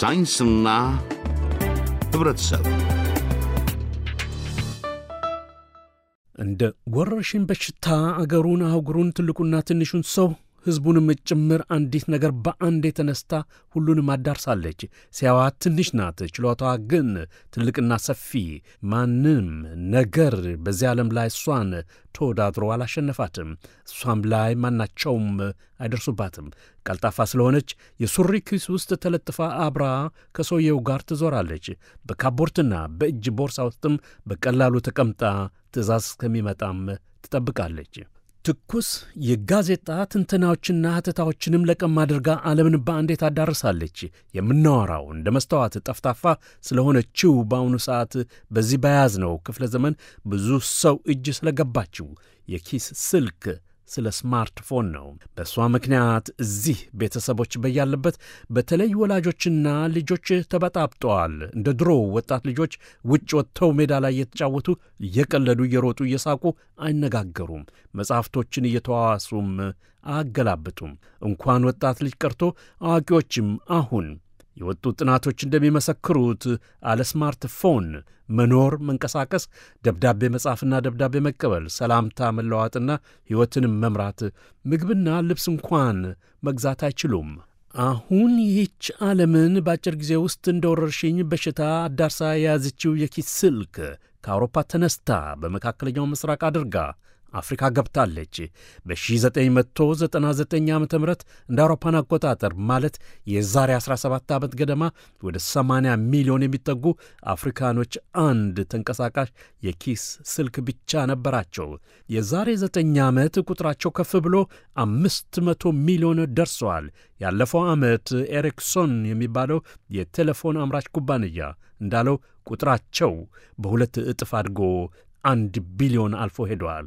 ሳይንስና ህብረተሰብ እንደ ወረርሽኝ በሽታ አገሩን፣ አህጉሩን፣ ትልቁና ትንሹን ሰው ሕዝቡንም ጭምር አንዲት ነገር በአንድ የተነስታ ሁሉንም አዳርሳለች። ሲያዋ ትንሽ ናት፣ ችሎታዋ ግን ትልቅና ሰፊ። ማንም ነገር በዚህ ዓለም ላይ እሷን ተወዳድሮ አላሸነፋትም። እሷም ላይ ማናቸውም አይደርሱባትም። ቀልጣፋ ስለሆነች የሱሪ ኪስ ውስጥ ተለጥፋ አብራ ከሰውየው ጋር ትዞራለች። በካቦርትና በእጅ ቦርሳ ውስጥም በቀላሉ ተቀምጣ ትእዛዝ እስከሚመጣም ትጠብቃለች። ትኩስ የጋዜጣ ትንተናዎችና ሀተታዎችንም ለቀም አድርጋ ዓለምን በአንዴ ታዳርሳለች። የምናወራው እንደ መስተዋት ጠፍጣፋ ስለሆነችው በአሁኑ ሰዓት በዚህ በያዝነው ክፍለ ዘመን ብዙ ሰው እጅ ስለገባችው የኪስ ስልክ ስለ ስማርትፎን ነው። በእሷ ምክንያት እዚህ ቤተሰቦች በያለበት በተለይ ወላጆችና ልጆች ተበጣብጠዋል። እንደ ድሮ ወጣት ልጆች ውጭ ወጥተው ሜዳ ላይ እየተጫወቱ እየቀለዱ፣ እየሮጡ፣ እየሳቁ አይነጋገሩም። መጽሐፍቶችን እየተዋዋሱም አያገላብጡም። እንኳን ወጣት ልጅ ቀርቶ አዋቂዎችም አሁን የወጡ ጥናቶች እንደሚመሰክሩት አለ ስማርትፎን መኖር፣ መንቀሳቀስ፣ ደብዳቤ መጻፍና ደብዳቤ መቀበል፣ ሰላምታ መለዋወጥና ሕይወትንም መምራት፣ ምግብና ልብስ እንኳን መግዛት አይችሉም። አሁን ይህች ዓለምን በአጭር ጊዜ ውስጥ እንደ ወረርሽኝ በሽታ አዳርሳ የያዘችው የኪስ ስልክ ከአውሮፓ ተነስታ በመካከለኛው ምስራቅ አድርጋ አፍሪካ ገብታለች። በ1999 ዓ ም እንደ አውሮፓን አቆጣጠር ማለት የዛሬ 17 ዓመት ገደማ ወደ 80 ሚሊዮን የሚጠጉ አፍሪካኖች አንድ ተንቀሳቃሽ የኪስ ስልክ ብቻ ነበራቸው። የዛሬ 9 ዓመት ቁጥራቸው ከፍ ብሎ 500 ሚሊዮን ደርሰዋል። ያለፈው ዓመት ኤሪክሶን የሚባለው የቴሌፎን አምራች ኩባንያ እንዳለው ቁጥራቸው በሁለት እጥፍ አድጎ አንድ ቢሊዮን አልፎ ሄደዋል።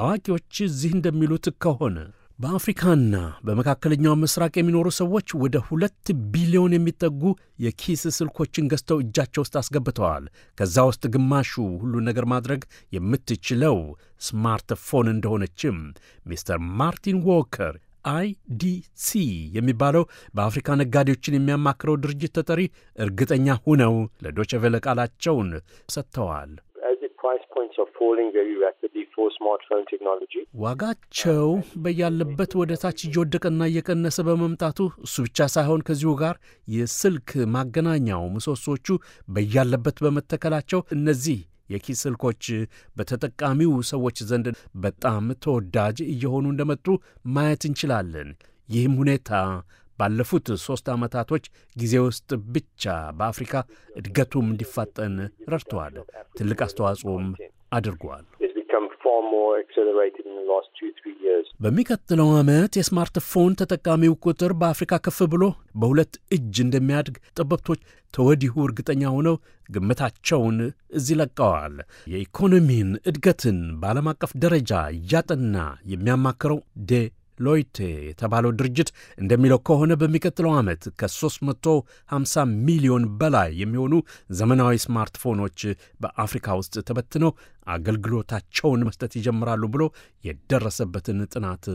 አዋቂዎች እዚህ እንደሚሉት ከሆነ በአፍሪካና በመካከለኛው ምስራቅ የሚኖሩ ሰዎች ወደ ሁለት ቢሊዮን የሚጠጉ የኪስ ስልኮችን ገዝተው እጃቸው ውስጥ አስገብተዋል። ከዛ ውስጥ ግማሹ ሁሉን ነገር ማድረግ የምትችለው ስማርትፎን እንደሆነችም ሚስተር ማርቲን ዎከር አይዲሲ የሚባለው በአፍሪካ ነጋዴዎችን የሚያማክረው ድርጅት ተጠሪ እርግጠኛ ሁነው ለዶቸቬለ ቃላቸውን ሰጥተዋል። ዋጋቸው በያለበት ወደ ታች እየወደቀና እየቀነሰ በመምጣቱ እሱ ብቻ ሳይሆን ከዚሁ ጋር የስልክ ማገናኛው ምሰሶቹ በያለበት በመተከላቸው እነዚህ የኪስ ስልኮች በተጠቃሚው ሰዎች ዘንድ በጣም ተወዳጅ እየሆኑ እንደመጡ ማየት እንችላለን። ይህም ሁኔታ ባለፉት ሦስት ዓመታቶች ጊዜ ውስጥ ብቻ በአፍሪካ እድገቱም እንዲፋጠን ረድተዋል። ትልቅ አስተዋጽኦም አድርገዋል። በሚቀጥለው ዓመት የስማርትፎን ተጠቃሚው ቁጥር በአፍሪካ ከፍ ብሎ በሁለት እጅ እንደሚያድግ ጥበብቶች ተወዲሁ እርግጠኛ ሆነው ግምታቸውን እዚህ ለቀዋል። የኢኮኖሚን እድገትን በዓለም አቀፍ ደረጃ እያጠና የሚያማክረው ዴ ሎይቴ የተባለው ድርጅት እንደሚለው ከሆነ በሚቀጥለው ዓመት ከ350 ሚሊዮን በላይ የሚሆኑ ዘመናዊ ስማርትፎኖች በአፍሪካ ውስጥ ተበትነው አገልግሎታቸውን መስጠት ይጀምራሉ ብሎ የደረሰበትን ጥናት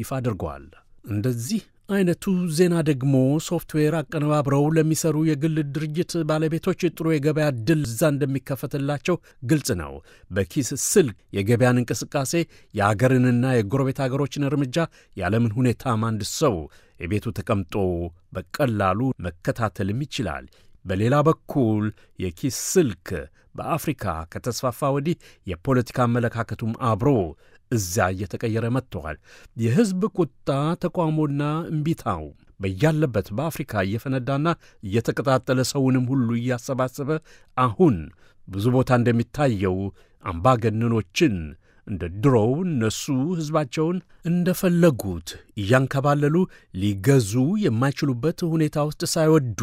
ይፋ አድርገዋል። እንደዚህ አይነቱ ዜና ደግሞ ሶፍትዌር አቀነባብረው ለሚሰሩ የግል ድርጅት ባለቤቶች ጥሩ የገበያ ድል እዛ እንደሚከፈትላቸው ግልጽ ነው። በኪስ ስልክ የገበያን እንቅስቃሴ፣ የአገርንና የጎረቤት አገሮችን እርምጃ፣ የዓለምን ሁኔታም አንድ ሰው የቤቱ ተቀምጦ በቀላሉ መከታተልም ይችላል። በሌላ በኩል የኪስ ስልክ በአፍሪካ ከተስፋፋ ወዲህ የፖለቲካ አመለካከቱም አብሮ እዛ እየተቀየረ መጥተዋል። የሕዝብ ቁጣ፣ ተቋሞና እምቢታው በያለበት በአፍሪካ እየፈነዳና እየተቀጣጠለ ሰውንም ሁሉ እያሰባሰበ አሁን ብዙ ቦታ እንደሚታየው አምባገነኖችን እንደ ድሮው እነሱ ሕዝባቸውን እንደፈለጉት እያንከባለሉ ሊገዙ የማይችሉበት ሁኔታ ውስጥ ሳይወዱ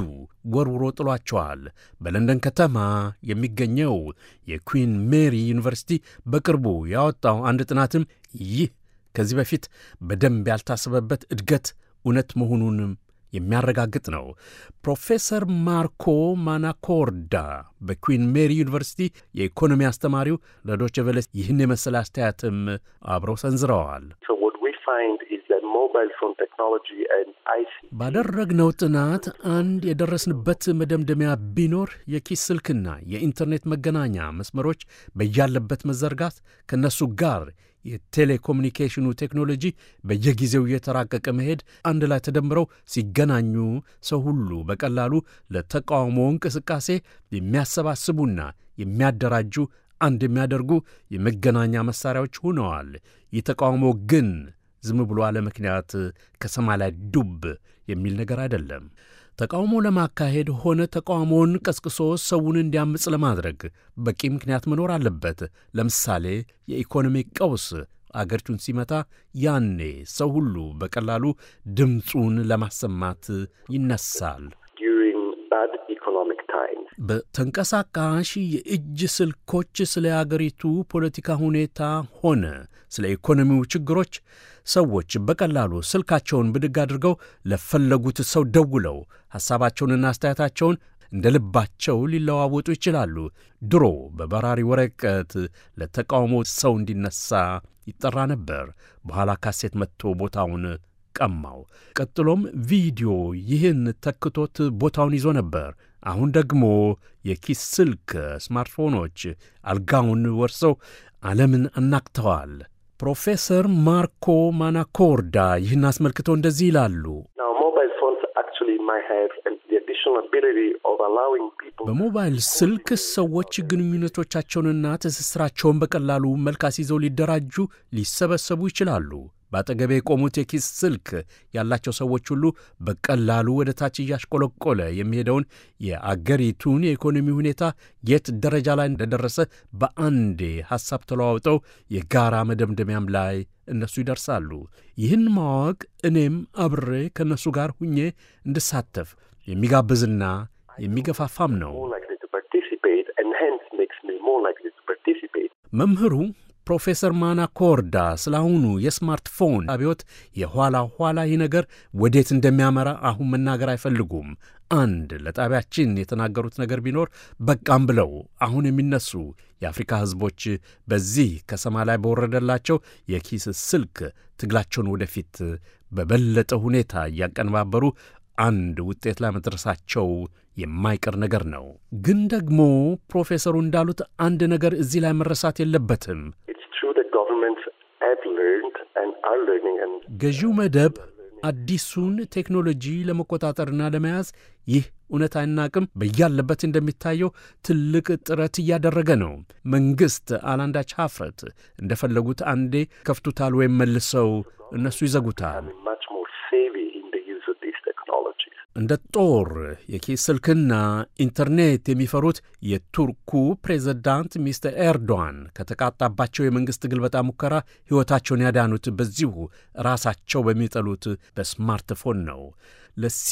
ወርውሮ ጥሏቸዋል። በለንደን ከተማ የሚገኘው የኩዊን ሜሪ ዩኒቨርሲቲ በቅርቡ ያወጣው አንድ ጥናትም ይህ ከዚህ በፊት በደንብ ያልታሰበበት እድገት እውነት መሆኑንም የሚያረጋግጥ ነው። ፕሮፌሰር ማርኮ ማናኮርዳ በኩዊን ሜሪ ዩኒቨርሲቲ የኢኮኖሚ አስተማሪው ለዶቼ ቬለ ይህን የመሰለ አስተያየትም አብረው ሰንዝረዋል። ባደረግነው ጥናት አንድ የደረስንበት መደምደሚያ ቢኖር የኪስ ስልክና የኢንተርኔት መገናኛ መስመሮች በያለበት መዘርጋት ከእነሱ ጋር የቴሌኮሙኒኬሽኑ ቴክኖሎጂ በየጊዜው እየተራቀቀ መሄድ አንድ ላይ ተደምረው ሲገናኙ ሰው ሁሉ በቀላሉ ለተቃውሞ እንቅስቃሴ የሚያሰባስቡና የሚያደራጁ አንድ የሚያደርጉ የመገናኛ መሣሪያዎች ሆነዋል። ይህ ተቃውሞ ግን ዝም ብሎ አለ ምክንያት ከሰማይ ላይ ዱብ የሚል ነገር አይደለም። ተቃውሞ ለማካሄድ ሆነ ተቃውሞውን ቀስቅሶ ሰውን እንዲያምፅ ለማድረግ በቂ ምክንያት መኖር አለበት። ለምሳሌ የኢኮኖሚ ቀውስ አገርቹን ሲመታ ያኔ ሰው ሁሉ በቀላሉ ድምፁን ለማሰማት ይነሳል። በተንቀሳቃሽ የእጅ ስልኮች ስለ አገሪቱ ፖለቲካ ሁኔታ ሆነ ስለ ኢኮኖሚው ችግሮች ሰዎች በቀላሉ ስልካቸውን ብድግ አድርገው ለፈለጉት ሰው ደውለው ሐሳባቸውንና አስተያየታቸውን እንደ ልባቸው ሊለዋወጡ ይችላሉ። ድሮ በበራሪ ወረቀት ለተቃውሞ ሰው እንዲነሳ ይጠራ ነበር። በኋላ ካሴት መጥቶ ቦታውን ቀማው። ቀጥሎም ቪዲዮ ይህን ተክቶት ቦታውን ይዞ ነበር። አሁን ደግሞ የኪስ ስልክ ስማርትፎኖች አልጋውን ወርሰው ዓለምን አናግተዋል። ፕሮፌሰር ማርኮ ማናኮርዳ ይህን አስመልክቶ እንደዚህ ይላሉ። በሞባይል ስልክ ሰዎች ግንኙነቶቻቸውንና ትስስራቸውን በቀላሉ መልክ አስይዘው ሊደራጁ፣ ሊሰበሰቡ ይችላሉ። በአጠገቤ የቆሙት የኪስ ስልክ ያላቸው ሰዎች ሁሉ በቀላሉ ወደ ታች እያሽቆለቆለ የሚሄደውን የአገሪቱን የኢኮኖሚ ሁኔታ የት ደረጃ ላይ እንደደረሰ በአንዴ ሐሳብ ተለዋውጠው የጋራ መደምደሚያም ላይ እነሱ ይደርሳሉ። ይህን ማወቅ እኔም አብሬ ከእነሱ ጋር ሁኜ እንድሳተፍ የሚጋብዝና የሚገፋፋም ነው። መምህሩ ፕሮፌሰር ማና ኮርዳ ስለ አሁኑ የስማርትፎን አብዮት የኋላ ኋላ ይህ ነገር ወዴት እንደሚያመራ አሁን መናገር አይፈልጉም። አንድ ለጣቢያችን የተናገሩት ነገር ቢኖር በቃም ብለው አሁን የሚነሱ የአፍሪካ ሕዝቦች በዚህ ከሰማ ላይ በወረደላቸው የኪስ ስልክ ትግላቸውን ወደፊት በበለጠ ሁኔታ እያቀነባበሩ አንድ ውጤት ላይ መድረሳቸው የማይቀር ነገር ነው። ግን ደግሞ ፕሮፌሰሩ እንዳሉት አንድ ነገር እዚህ ላይ መረሳት የለበትም። ገዢው መደብ አዲሱን ቴክኖሎጂ ለመቆጣጠርና ለመያዝ ይህ እውነት አይናቅም። በያለበት እንደሚታየው ትልቅ ጥረት እያደረገ ነው። መንግሥት አላንዳች ሀፍረት እንደፈለጉት አንዴ ከፍቱታል ወይም መልሰው እነሱ ይዘጉታል። እንደ ጦር የኪስ ስልክና ኢንተርኔት የሚፈሩት የቱርኩ ፕሬዝዳንት ሚስተር ኤርዶዋን ከተቃጣባቸው የመንግሥት ግልበጣ ሙከራ ሕይወታቸውን ያዳኑት በዚሁ ራሳቸው በሚጠሉት በስማርትፎን ነው። ለሲ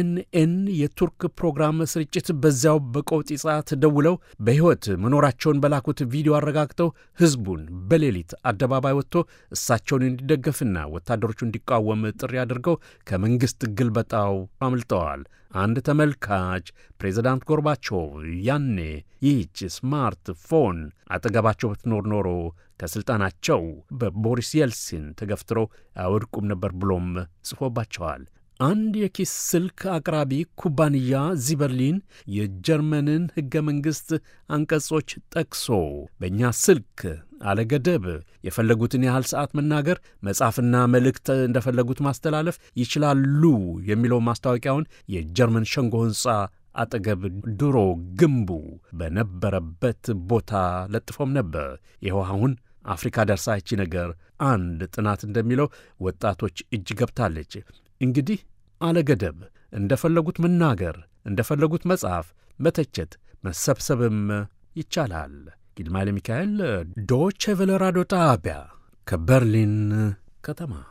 ኤንኤን የቱርክ ፕሮግራም ስርጭት በዚያው በቆጢ ሰዓት ደውለው በሕይወት መኖራቸውን በላኩት ቪዲዮ አረጋግጠው ሕዝቡን በሌሊት አደባባይ ወጥቶ እሳቸውን እንዲደገፍና ወታደሮቹ እንዲቃወም ጥሪ አድርገው ከመንግሥት ግልበጣው አምልጠዋል። አንድ ተመልካች ፕሬዚዳንት ጎርባቾቭ ያኔ ይህች ስማርት ፎን አጠገባቸው ብትኖር ኖሮ ከሥልጣናቸው በቦሪስ የልሲን ተገፍትረው አውድቁም ነበር ብሎም ጽፎባቸዋል። አንድ የኪስ ስልክ አቅራቢ ኩባንያ ዚበርሊን የጀርመንን ሕገ መንግሥት አንቀጾች ጠቅሶ በእኛ ስልክ አለገደብ የፈለጉትን ያህል ሰዓት መናገር፣ መጻፍና መልእክት እንደፈለጉት ማስተላለፍ ይችላሉ የሚለው ማስታወቂያውን የጀርመን ሸንጎ ሕንፃ አጠገብ ድሮ ግንቡ በነበረበት ቦታ ለጥፎም ነበር። ይኸው አሁን አፍሪካ ደርሳች ነገር አንድ ጥናት እንደሚለው ወጣቶች እጅ ገብታለች። እንግዲህ አለገደብ እንደ ፈለጉት መናገር፣ እንደ ፈለጉት መጻፍ፣ መተቸት፣ መሰብሰብም ይቻላል። ግርማኤል ሚካኤል ዶቼ ቬለ ራዲዮ ጣቢያ ከበርሊን ከተማ